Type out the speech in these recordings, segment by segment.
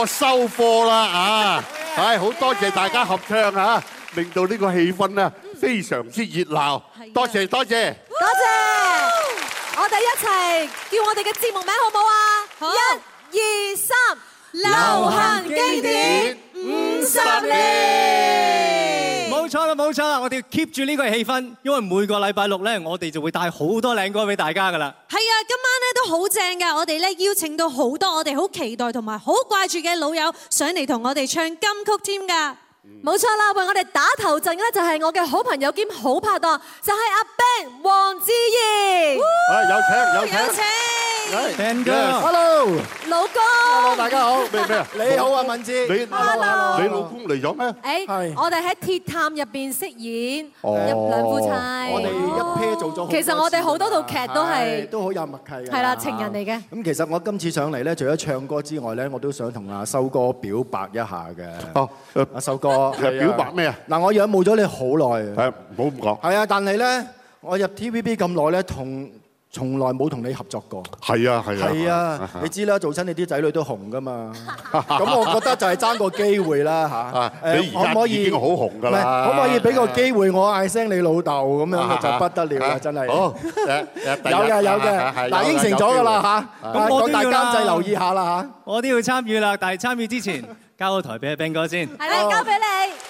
我收貨啦啊！係好多謝大家合唱啊，令到呢個氣氛呢非常之熱鬧。多謝多謝多謝，我哋一齊叫我哋嘅節目名好唔好啊？一、二、三，流行經典五十年。冇錯啦，冇錯啦，我哋要 keep 住呢個氣氛，因為每個禮拜六呢，我哋就會帶好多靚歌俾大家噶啦。係啊，今晚呢都好正㗎，我哋呢邀請到好多我哋好期待同埋好掛住嘅老友上嚟同我哋唱金曲添㗎。冇錯啦，為我哋打頭陣呢，就係我嘅好朋友兼好拍檔，就係阿 Ben 黃智賢。啊，有請有請。係，Yes，Hello，老公，大家好，明唔明啊？你好啊，敏芝，你好，你老公嚟咗咩？誒，係，我哋喺鐵探入邊飾演一兩夫妻，我哋一 pair 做咗，其實我哋好多套劇都係，都好有默契嘅，係啦，情人嚟嘅。咁其實我今次上嚟咧，除咗唱歌之外咧，我都想同阿修哥表白一下嘅。哦，阿修哥，表白咩啊？嗱，我仰慕咗你好耐，係，唔好咁講。係啊，但係咧，我入 TVB 咁耐咧，同。從來冇同你合作過。係啊係啊。係啊，你知啦，做親你啲仔女都紅噶嘛。咁我覺得就係爭個機會啦嚇。比而家已經好紅㗎啦。可唔可以俾個機會我嗌聲你老豆咁樣就不得了啦，真係。好，有嘅有嘅，我應承咗㗎啦嚇。咁我大家就留意下啦嚇。我都要參與啦，但係參與之前交個台俾阿兵哥先。係啦，交俾你。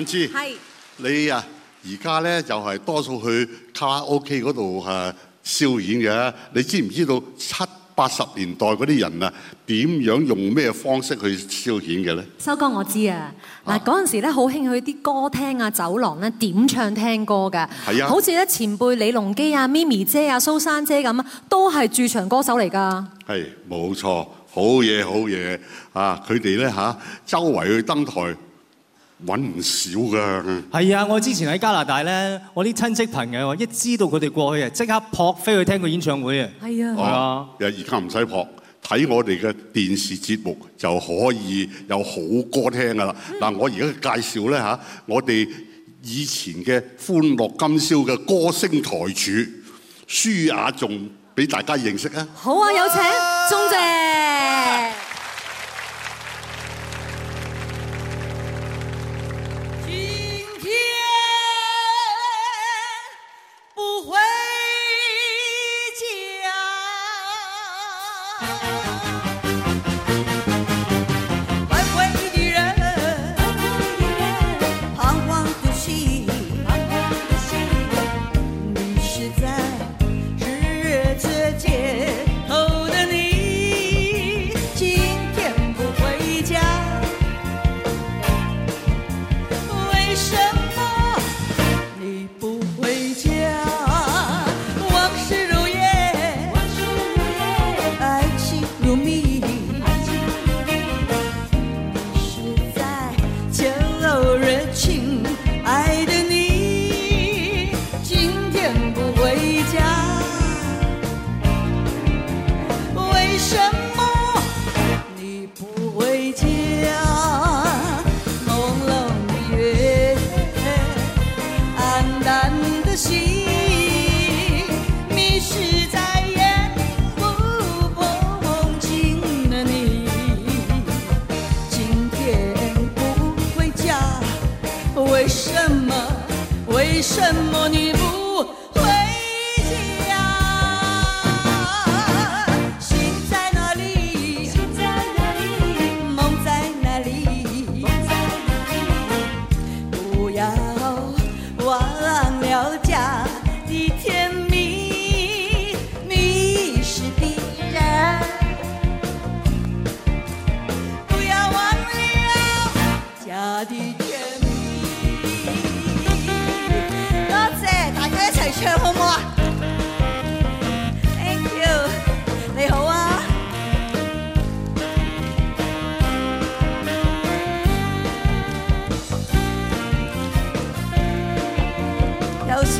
敏是你啊，而家咧就係、是、多數去卡拉 OK 嗰度嚇消遣嘅。你知唔知道七八十年代嗰啲人啊，點樣用咩方式去消遣嘅咧？修哥，我知啊。嗱，嗰陣時咧好興去啲歌廳啊、酒廊咧、啊、點唱聽歌嘅。係啊，好似咧前輩李龍基啊、咪咪姐啊、蘇珊姐咁啊，都係駐場歌手嚟㗎。係冇錯，好嘢好嘢啊！佢哋咧吓，周圍去登台。揾唔少㗎，係啊！我之前喺加拿大咧，我啲親戚朋友一知道佢哋過去啊，即刻撲飛去聽佢演唱會啊的！係啊的，哦，而家唔使撲，睇我哋嘅電視節目就可以有好歌聽㗎啦。嗱，嗯、我而家介紹咧嚇，我哋以前嘅《歡樂今宵》嘅歌星台柱舒雅頌俾大家認識啊！好啊，有請鐘姐。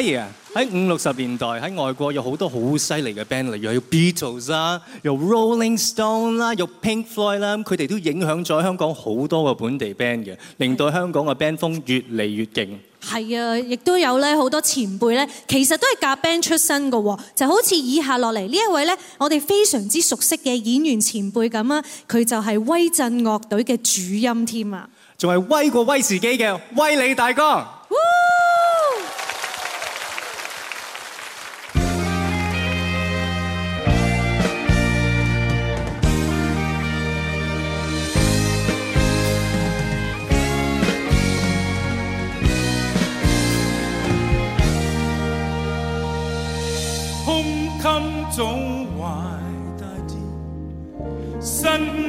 喺、hey，五六十年代喺外國有好多好犀利嘅 band，例如有 Beatles 啦，有，有 Rolling Stone 啦，有 Pink Floyd 啦，佢哋都影響咗香港好多個本地 band 嘅，令到香港嘅 band 風越嚟越勁。係啊，亦都有咧好多前輩咧，其實都係夾 band 出身嘅，就好似以下落嚟呢一位咧，我哋非常之熟悉嘅演員前輩咁啊，佢就係威震樂隊嘅主音添啊，仲係威過威士忌嘅威利大哥。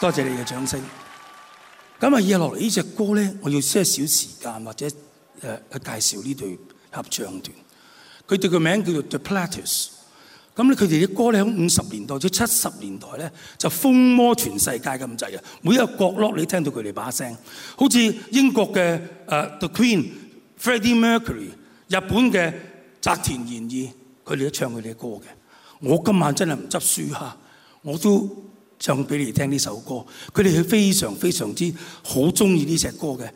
多謝你嘅掌聲。咁啊，以下落嚟呢隻歌咧，我要些少時間或者誒去介紹呢隊合唱團。佢哋個名叫做 The Platters。咁咧，佢哋啲歌咧喺五十年代至七十年代咧就風魔全世界咁滯呀。每一個角落你聽到佢哋把聲，好似英國嘅誒 The Queen、Freddie Mercury、日本嘅澤田研二，佢哋都唱佢哋嘅歌嘅。我今晚真係唔執輸嚇，我都。唱俾你聽呢首歌，佢哋係非常非常之好中意呢隻歌嘅。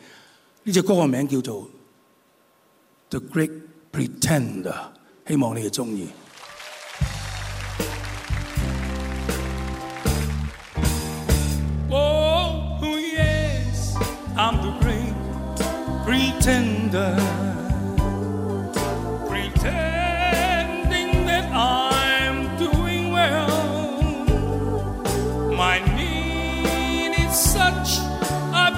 呢隻歌個名叫做《The Great Pretender》，希望你哋中意。Oh, yes,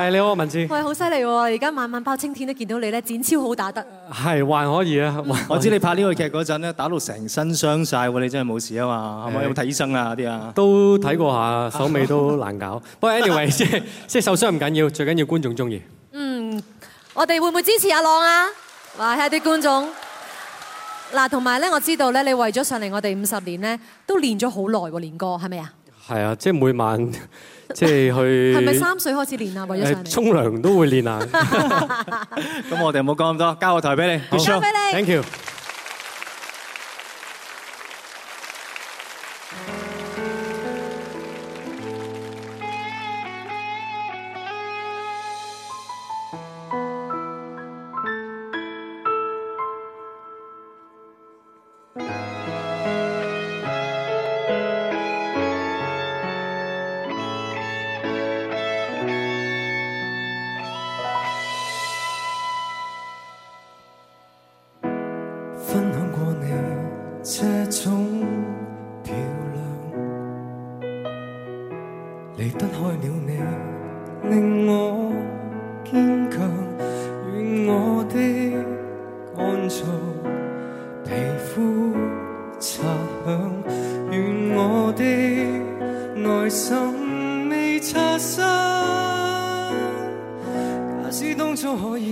係你好，文治。喂，好犀利喎！而家晚晚包青天都見到你咧，展昭好打得。係還可以啊，以我知道你拍呢部劇嗰陣咧， 打到成身傷晒喎，你真係冇事啊嘛？係咪的有冇睇醫生啊啲啊？都睇過下，手尾 都難搞。不過 anyway，即係即係受傷唔緊要，最緊要觀眾中意。嗯，我哋會唔會支持阿朗啊？話係啊，啲觀眾。嗱，同埋咧，我知道咧，你為咗上嚟我哋五十年咧，都練咗好耐喎，練歌係咪啊？是係啊，即係每晚即係去。係咪 三歲開始練啊？或者上嚟。沖涼都會練啊。咁 我哋唔好講咁多，交個台俾你。好交俾你。謝謝 Thank you。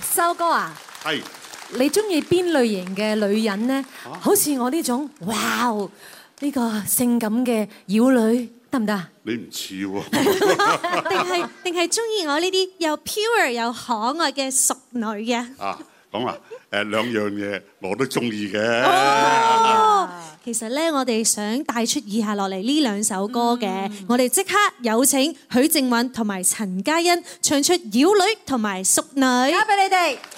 修哥啊，係，你中意邊類型嘅女人咧？好似我呢種，哇哦，呢個性感嘅妖女得唔得？你唔似喎，定係定係中意我呢啲又 pure 又可愛嘅淑女嘅？啊，講啊！誒兩樣嘢，我都中意嘅。哦，其實咧，我哋想帶出以下落嚟呢兩首歌嘅，嗯、我哋即刻有請許靖韻同埋陳嘉茵唱出《妖女》同埋《淑女》交。交俾你哋。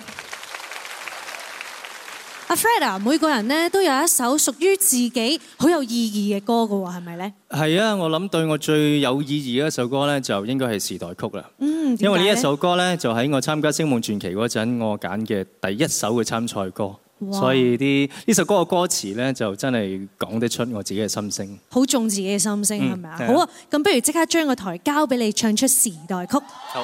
阿 Fred 啊，每個人咧都有一首屬於自己好有意義嘅歌㗎喎，係咪呢？係啊，我諗對我最有意義嘅一首歌呢，就應該係時代曲啦。嗯，為因為呢一首歌呢，就喺我參加星夢傳奇嗰陣，的我揀嘅第一首嘅參賽歌，哇所以啲呢首歌嘅歌詞呢，就真係講得出我自己嘅心聲。好重自己嘅心聲係咪啊？嗯、好啊，咁不如即刻將個台交俾你唱出時代曲。好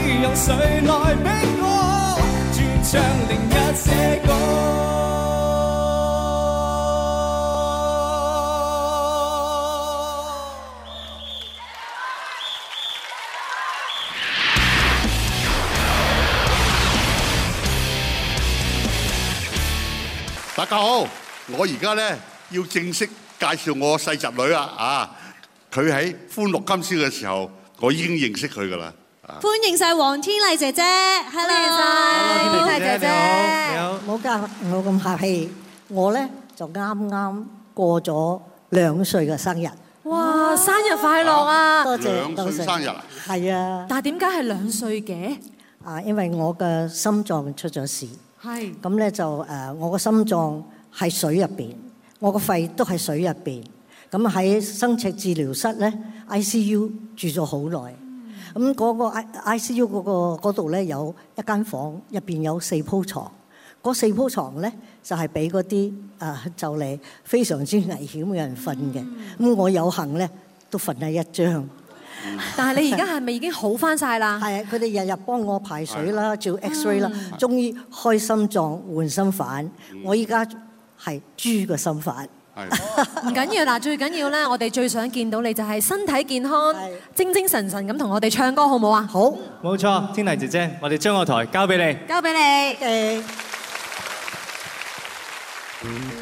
由誰來逼我轉唱另一些歌？大家好，我而家咧，要正式介紹我細侄女啊！佢喺歡樂今宵嘅時候，我已經認識佢噶啦。歡迎晒王天麗姐姐，歡迎晒，好，係天麗姐姐，你好。冇咁，冇咁客氣。我咧就啱啱過咗兩歲嘅生日。哇，生日快樂啊！多謝生日啊，係啊。但係點解係兩歲嘅？啊，因為我嘅心臟出咗事，係咁咧就誒，我嘅心臟喺水入邊，我個肺都喺水入邊。咁喺深切治療室咧，ICU 住咗好耐。咁嗰個 I I C U 嗰度咧有一間房，入邊有四鋪床。嗰四鋪床咧就係俾嗰啲啊就嚟非常之危險嘅人瞓嘅。咁、嗯、我有幸咧都瞓喺一張。嗯、但係你而家係咪已經好翻晒啦？係啊， 佢哋日日幫我排水啦，的做 X ray 啦、嗯，終於開心臟換心瓣，嗯、我而家係豬個心瓣。唔緊要啦，最緊要呢，我哋最想見到你就係身體健康、精精神神咁同我哋唱歌，好唔好啊？好，冇錯，天麗姐姐，我哋將個台交俾你，交俾你。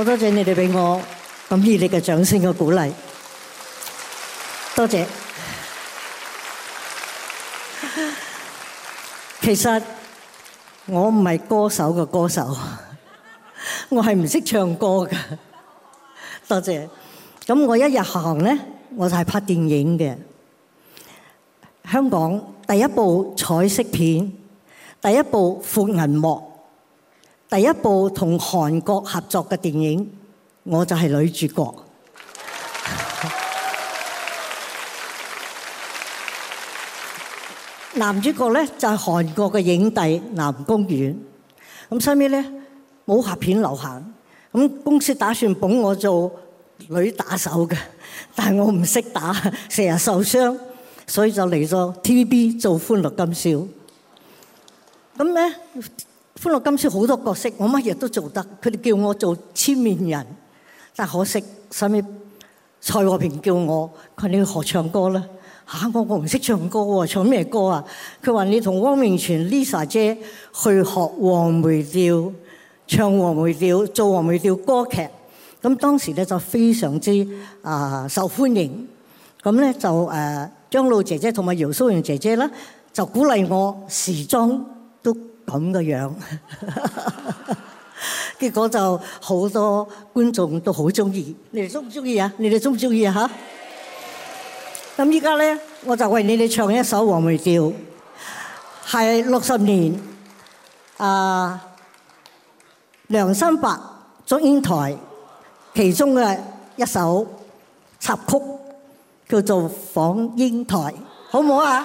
好多謝你哋俾我咁熱烈嘅掌聲和鼓勵，多謝。其實我唔係歌手嘅歌手，我係唔識唱歌嘅。多謝。咁我一日行咧，我就係拍電影嘅。香港第一部彩色片，第一部闊銀幕。第一部同韓國合作嘅電影，我就係女主角。男主角咧就係韓國嘅影帝南宮遠。咁後尾咧武俠片流行，咁公司打算捧我做女打手嘅，但係我唔識打，成日受傷，所以就嚟咗 TVB 做歡樂今宵。咁咧。歡樂今宵好多角色，我乜嘢都做得。佢哋叫我做千面人，但可惜，後尾蔡和平叫我佢哋學唱歌啦。嚇、啊，我我唔識唱歌喎，唱咩歌啊？佢話你同汪明荃、Lisa 姐去學黃梅調，唱黃梅調，做黃梅調歌劇。咁當時咧就非常之啊、呃、受歡迎。咁咧就誒、呃、張露姐姐同埋姚蘇蓉姐姐咧就鼓勵我時裝。咁嘅樣，結果就好多觀眾都好中意。你哋中唔中意啊？你哋中唔中意啊？嚇！咁依家咧，我就為你哋唱一首《黃梅調》，係六十年啊梁山伯祝英台其中嘅一首插曲，叫做《訪英台》，好唔好啊？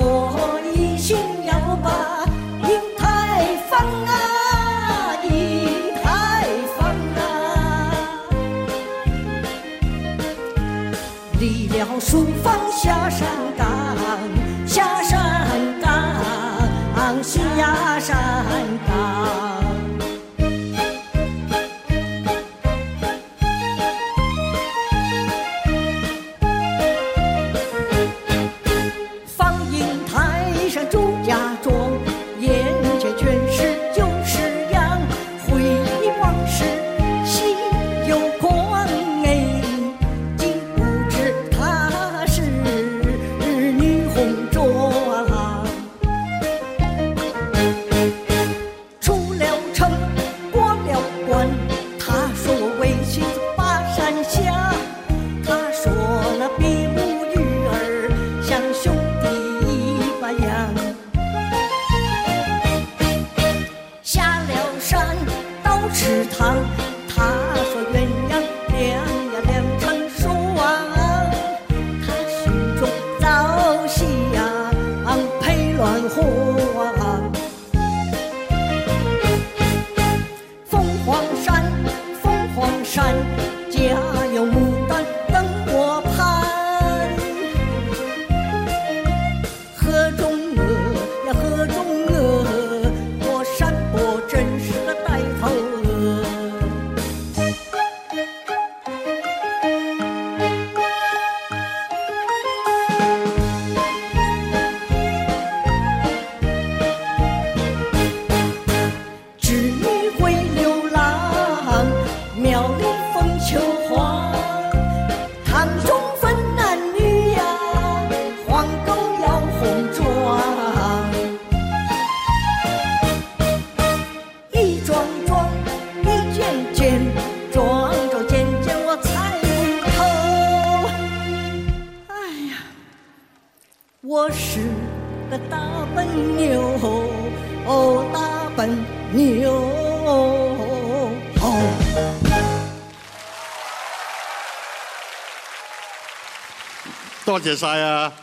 多謝曬啊，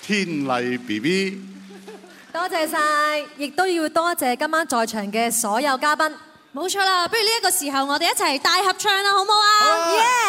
天麗 B B，多謝晒，亦都要多謝今晚在場嘅所有嘉賓，冇錯啦，不如呢一個時候我哋一齊大合唱啦，好唔好啊？好啊。Yeah.